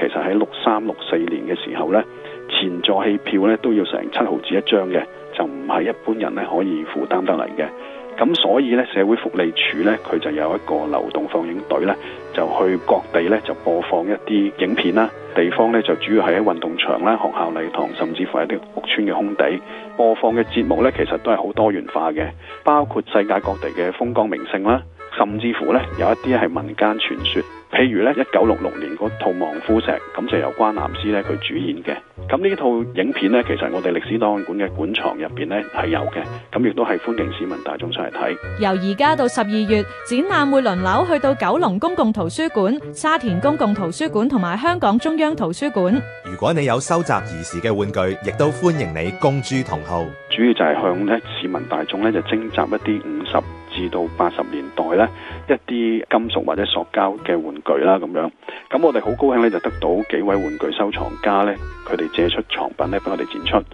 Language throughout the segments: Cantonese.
其實喺六三六四年嘅時候呢前座戲票呢都要成七毫子一張嘅，就唔係一般人呢可以負擔得嚟嘅。咁所以呢社會福利署呢，佢就有一個流動放映隊呢就去各地呢，就播放一啲影片啦。地方呢，就主要係喺運動場啦、學校禮堂，甚至乎係一啲屋村嘅空地。播放嘅節目呢，其實都係好多元化嘅，包括世界各地嘅風光名勝啦，甚至乎呢有一啲係民間傳說。譬如咧，一九六六年嗰套《望夫石》，咁就由關南施咧佢主演嘅。咁呢套影片咧，其實我哋歷史檔案館嘅館藏入邊咧係有嘅。咁亦都係歡迎市民大眾出嚟睇。由而家到十二月，展覽會輪流去到九龍公共圖書館、沙田公共圖書館同埋香港中央圖書館。如果你有收集兒時嘅玩具，亦都歡迎你公諸同好。主要就係向咧市民大眾咧就徵集一啲。至到八十年代咧，一啲金屬或者塑膠嘅玩具啦咁樣，咁我哋好高興咧就得到幾位玩具收藏家咧，佢哋借出藏品咧俾我哋展出。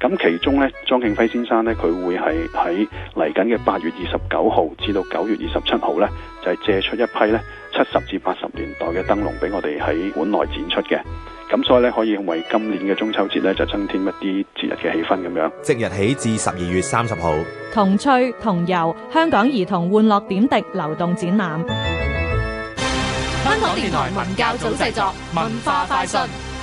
咁其中咧，莊敬輝先生咧，佢會係喺嚟緊嘅八月二十九號至到九月二十七號咧，就係借出一批咧七十至八十年代嘅燈籠俾我哋喺館內展出嘅。咁所以咧，可以為今年嘅中秋節咧，就增添一啲節日嘅氣氛咁樣。即日起至十二月三十號，同趣同遊香港兒童玩樂點滴流動展覽。香港電台文教組製作，文化快訊。